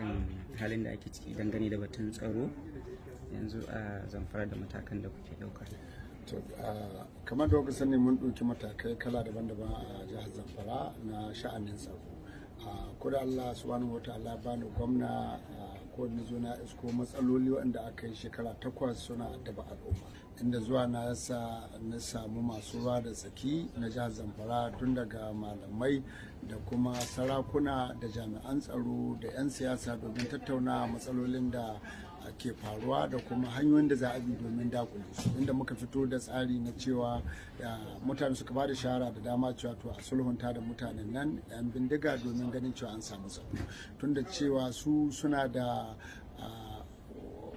kan halin da ake ciki dangane da batun tsaro yanzu a zamfara da matakan da kuke ɗauka. to kamar da kuka sani mun ɗauki matakai kala daban-daban a jihar zamfara na sha'anin tsaro ko da allah subhanahu wa ta'ala bani gwamna kawai na zo na isko matsaloli wanda aka yi shekara takwas suna addaba al'umma inda zuwa na yasa na samu masu ruwa da tsaki na jihar zamfara tun daga malamai da kuma sarakuna da jami'an tsaro da 'yan siyasa domin tattauna matsalolin da ke faruwa da kuma hanyoyin da za a bi domin dakule su inda muka fito da tsari na cewa mutane suka ba da shara da dama cewa to a sulhunta da mutanen nan yan bindiga domin ganin cewa an samu tsaro tunda cewa su suna da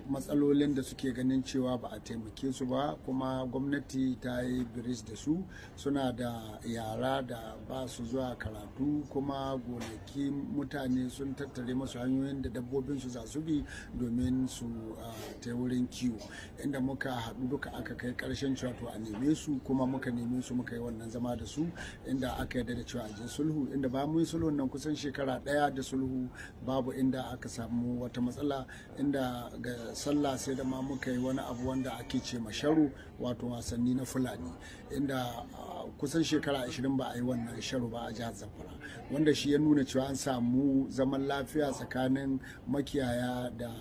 matsalolin da suke ganin cewa ba a taimake su ba kuma gwamnati ta yi biris da su suna da yara da ba su zuwa karatu kuma gonaki mutane sun tattare masu hanyoyin da dabbobin su za su bi domin su ah, ta wurin kiwo inda muka haɗu duka aka kai ƙarshen cewa to a neme su kuma muka neme su muka yi wannan zama da su inda aka yarda da cewa a je sulhu inda ba mun yi sulhu nan kusan shekara ɗaya da sulhu babu inda aka samu wata matsala inda sallah sai da ma muka yi wani abu wanda ake ce ma masharu wato wasanni na fulani inda ah, kusan shekara 20 ba a yi wannan sharu ba a jihar zamfara wanda shi ya nuna cewa an samu zaman lafiya tsakanin makiyaya da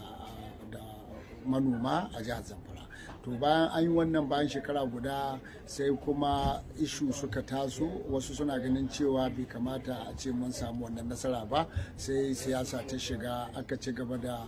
manoma a jihar zamfara to bayan an yi wannan bayan shekara guda sai kuma ishu suka taso wasu suna ganin cewa bai kamata a ce mun samu wannan nasara ba sai siyasa ta shiga aka ci gaba da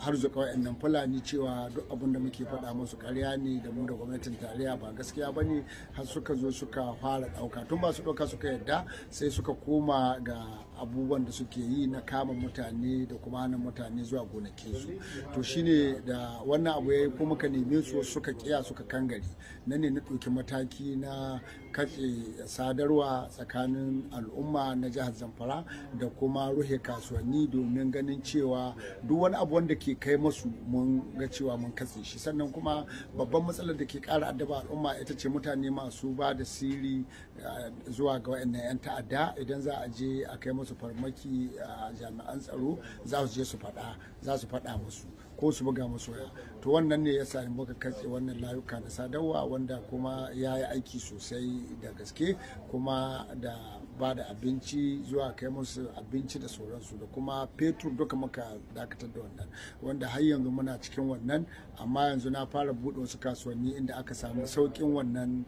har zuka wayannan fulani cewa duk abin da muke faɗa musu karya ne da mu da gwamnatin tarayya ba gaskiya ba ne har suka zo suka fara ɗauka tun ba su ɗauka suka yadda sai suka koma ga abubuwan da suke yi na kama mutane da kuma hana mutane zuwa gonakinsu to shine da wannan abu ya yi ko muka neme su suka kiya suka kangare na ne na ɗauki mataki na katse sadarwa tsakanin al'umma na jihar zamfara da kuma ruhe kasuwanni domin ganin cewa duk wani abu wanda ke kai masu mun ga cewa mun katse shi sannan kuma babban matsalar da ke kara addaba al'umma ita ce mutane masu ba da siri eh, zuwa ga wayannan 'yan ta'adda idan za a je a kai masu farmaki eh, a jami'an tsaro za su je faɗa za su faɗa musu ko su buga masoya to wannan ne ya sami muka katse wannan layuka da sadarwa wanda kuma ya yi aiki sosai da gaske kuma da ba da abinci zuwa kai musu abinci da sauransu da kuma fetur duka muka dakatar da wannan wanda har yanzu muna cikin wannan amma yanzu na fara buɗe wasu kasuwanni inda aka samu saukin wannan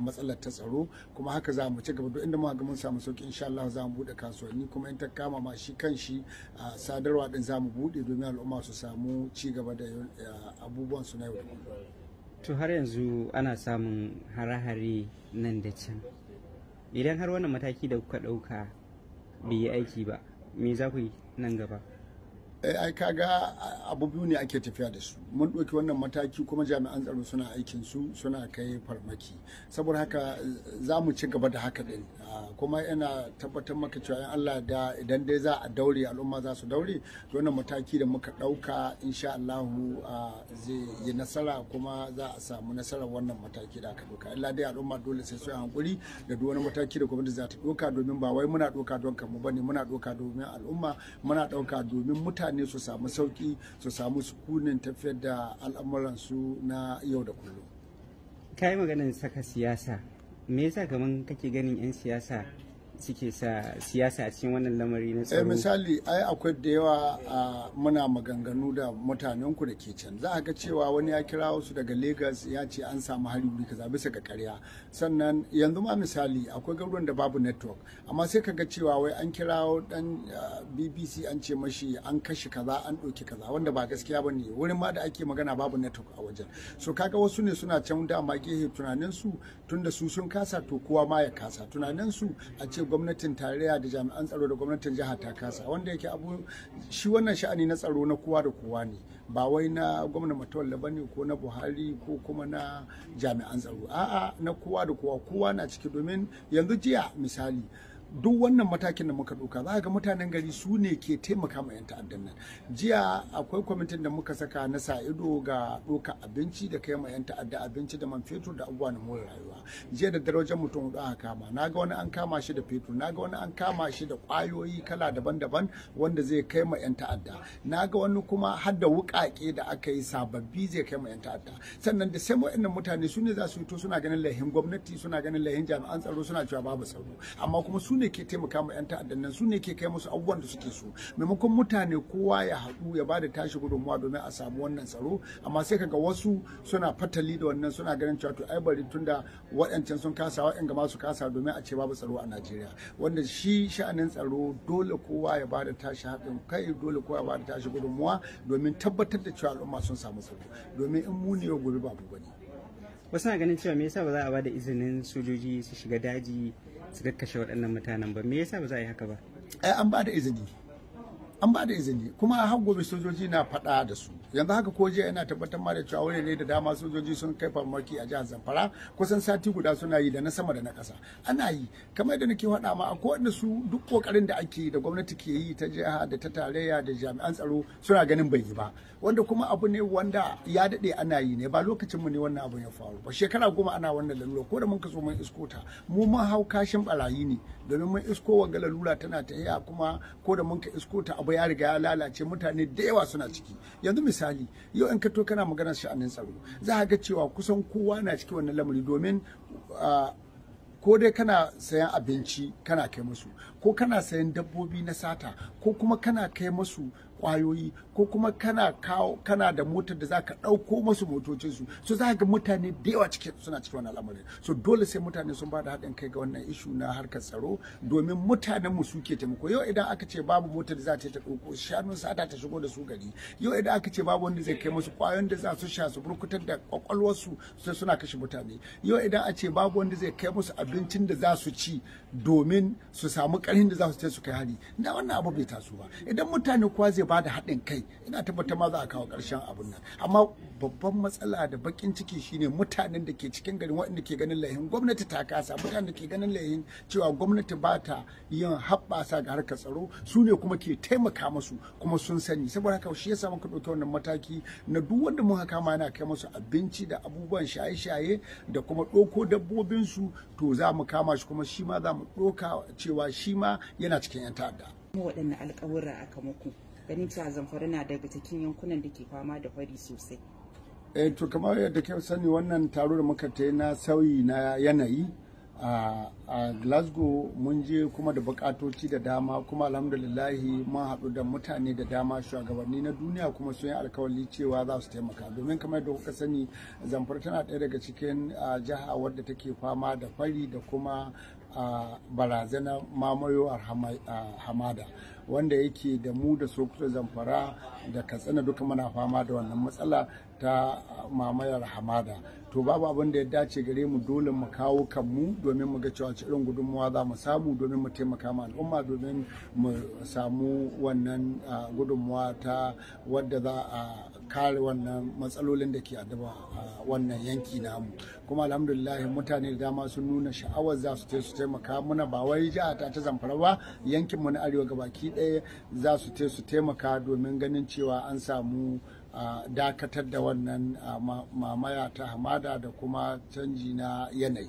matsalar ta tsaro kuma haka za mu ci gaba duk inda muka ga mun samu sauƙi insha Allah za mu buɗe kasuwanni kuma in ta kama ma shi kan shi sadarwa din za mu buɗe domin al'umma su samu ci gaba da abubuwan su na yau da kullum. To har yanzu ana samun hare-hare nan da can. idan har wannan mataki da kuka ɗauka bai yi aiki ba me za ku yi nan gaba Eh, ai ga abu biyu ne ake tafiya da su mun ɗauki wannan mataki kuma jami'an tsaro suna aikin su suna kai farmaki saboda haka eh, za mu ci gaba da haka din ah, kuma yana tabbatar maka cewa in Allah da idan dai za a daure al'umma za su daure to wannan mataki da muka ɗauka insha Allah ah, zai yi nasara kuma za a samu nasarar wannan mataki da aka ɗauka illa dai al'umma dole sai su hankuri da duk wani mataki da gwamnati za ta ɗauka domin ba wai muna ɗauka don kanmu bane muna ɗauka domin al'umma muna ɗauka domin mutane mutane su samu sauki su samu sukunin tafiyar da al'amuransu na yau da kullum. Ka yi maganin saka siyasa, me yasa kaman kake ganin 'yan siyasa suke sa siyasa a cikin wannan lamari na tsaro eh, misali ai akwai da yawa muna maganganu da mutanen ku da ke can za a ga cewa wani ya kira wasu daga Lagos ya ce an samu hari wuri kaza bisa ga karya sannan yanzu ma misali akwai garuruwan da babu network amma sai ka ga cewa wai an kira dan BBC an ce mashi an kashe kaza an ɗauki kaza wanda ba gaskiya ba ne wurin ma da ake magana babu network a wajen so kaga wasu ne suna can dama gehe tunanin su tunda su sun kasa to kowa ma ya kasa tunanin su a ce gwamnatin tarayya da jami'an tsaro da gwamnatin jiha ta kasa wanda yake abu shi wannan sha'ani na tsaro na kowa da kowa ne ba wai na gwamnati matawalla bane ko na buhari ko kuma na jami'an tsaro a'a na kowa da kowa kowa na ciki domin yanzu jiya misali duk wannan matakin da muka doka za ga mutanen gari su ne ke taimaka ma 'yan ta'addan nan jiya akwai kwamitin da muka saka na sa ido ga doka abinci da kai ma 'yan ta'adda abinci da man fetur da abubuwa na more rayuwa jiya da darajar mutum hudu aka kama na ga wani an kama shi da fetur na ga wani an kama shi da kwayoyi kala daban-daban wanda zai kai ma 'yan ta'adda na ga wani kuma har da wuƙaƙe da aka yi sababbi zai kai ma 'yan ta'adda sannan da sai wa'annan mutane su ne za su yi to suna ganin lahin gwamnati suna ganin lahin jami'an tsaro suna cewa babu tsaro amma kuma su ne ke taimaka ma yan ta'addan nan su ne ke kai musu abubuwan da suke so maimakon mutane kowa ya haɗu ya bada tashi gudunmuwa domin a samu wannan tsaro amma sai kaga wasu suna fatali da wannan suna ganin cewa to ai bari tunda waɗancan sun kasa waɗanda ga masu kasa domin a ce babu tsaro a Najeriya wanda shi sha'anin tsaro dole kowa ya da tashi haɗin kai dole kowa ya da tashi gudunmuwa domin tabbatar da cewa al'umma sun samu tsaro domin in mu ne gobe babu gani wasu na ganin cewa me yasa ba za a bada izinin sojoji su shiga daji su kakkashe waɗannan mutanen ba me yasa ba za a yi haka ba eh, an ba da izini an ba da izini kuma har gobe sojoji na faɗa da su yanzu haka ko jiya ina tabbatar ma da cewa wani ne da dama sojoji sun kai farmaki a jihar zamfara kusan sati guda suna yi da na sama da na ƙasa ana yi kamar yadda nake faɗa ma akwai wanda su duk ƙoƙarin da ake da gwamnati ke yi ta jiha da ta tarayya da jami'an tsaro suna ganin bai yi ba wanda kuma abu ne wanda ya daɗe ana yi ne ba lokacin mu ne wannan abun ya faru ba shekara goma ana wannan lalura ko da mun ka zo mun isko ta mu ma hau kashin barayi ne domin mun isko wa lalura tana ta kuma ko da mun ka isko ta abu ya riga ya lalace mutane da yawa suna ciki yanzu misali misali yau in ka to kana magana sha'anin tsaro za ga cewa kusan kowa na cikin wannan lamari domin ko dai kana sayan abinci kana kai musu ko kana sayan dabbobi na sata ko kuma kana kai musu kwayoyi ko kuma kana kawo kana da motar da zaka ɗauko musu su so za ga mutane da yawa cike suna cikin wannan al'amari so dole sai mutane sun bada haɗin kai ga wannan ishu na harkar tsaro domin mutanen mu suke taimako yau idan aka ce babu motar da za ta ta ɗauko shanun sa ta shigo da su gari yau idan aka ce babu wanda zai kai musu kwayoyin da za su sha su burkutar da kwakwalwarsu su suna kashe mutane yau idan a ce babu wanda zai kai musu abincin da za su ci domin su samu karin da za su ce su kai hari na wannan abu bai taso ba idan mutane kwa zai suke ba da haɗin kai ina tabbata ma za a kawo ƙarshen abun nan amma babban matsala da bakin ciki shine mutanen da ke cikin garin waɗanda ke ganin layin gwamnati ta kasa mutanen da ke ganin layin cewa gwamnati ba ta yin haɓɓasa ga harkar tsaro su ne kuma ke taimaka musu kuma sun sani saboda haka shi yasa muka ɗauki wannan mataki na duk wanda muka kama yana kai musu abinci da abubuwan shaye-shaye da kuma ɗauko dabbobinsu to za mu kama shi kuma shi ma za mu ɗauka cewa shi ma yana cikin 'yan ta'adda. waɗanne alƙawura aka muku ganin cewa zamfara na daga cikin yankunan da ke fama da fari sosai eh to kamar yadda kai sani wannan taro da muka ta na sauyi na yanayi a glasgow mun je kuma da bukatoci da dama kuma alhamdulillahi mun haɗu da mutane da dama shugabanni na duniya kuma sun yi alkawali cewa za su taimaka domin kamar da kuka sani zamfara tana ɗaya daga cikin jiha wadda take fama da fari da kuma a barazanar mamayowar hamada wanda yake da mu da sokoto zamfara da katsina duka muna fama da wannan matsala ta mamayar hamada to babu abin da ya dace gare mu dole mu kawo kanmu domin mu ga cewa irin gudunmuwa za mu samu domin mu taimaka ma al'umma domin mu samu wannan gudunmuwa ta wadda za a kare wannan matsalolin da ke addaba a wannan yanki namu kuma alhamdulillah mutane da dama sun nuna sha'awar za su su taimaka muna ba wai jiha ta ta zamfara ba yankin mu na arewa gabaki ɗaya za su su taimaka domin ganin cewa an samu dakatar da wannan mamaya ta hamada da kuma canji na yanayi